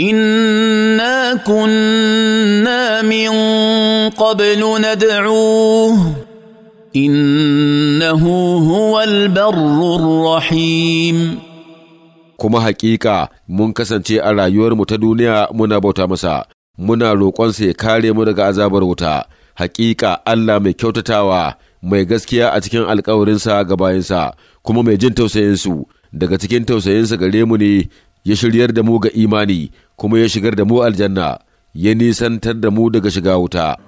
انا كنا من قبل ندعوه انه هو البر الرحيم kuma haƙiƙa mun kasance a rayuwarmu ta duniya muna bauta masa muna roƙonsa ya kare mu daga azabar wuta haƙiƙa Allah mai kyautatawa mai gaskiya a cikin alkawarinsa ga bayansa kuma mai jin tausayinsu daga cikin tausayinsa gare mu ne ya shiryar da mu ga imani kuma ya shigar da mu aljanna ya nisantar da mu daga shiga wuta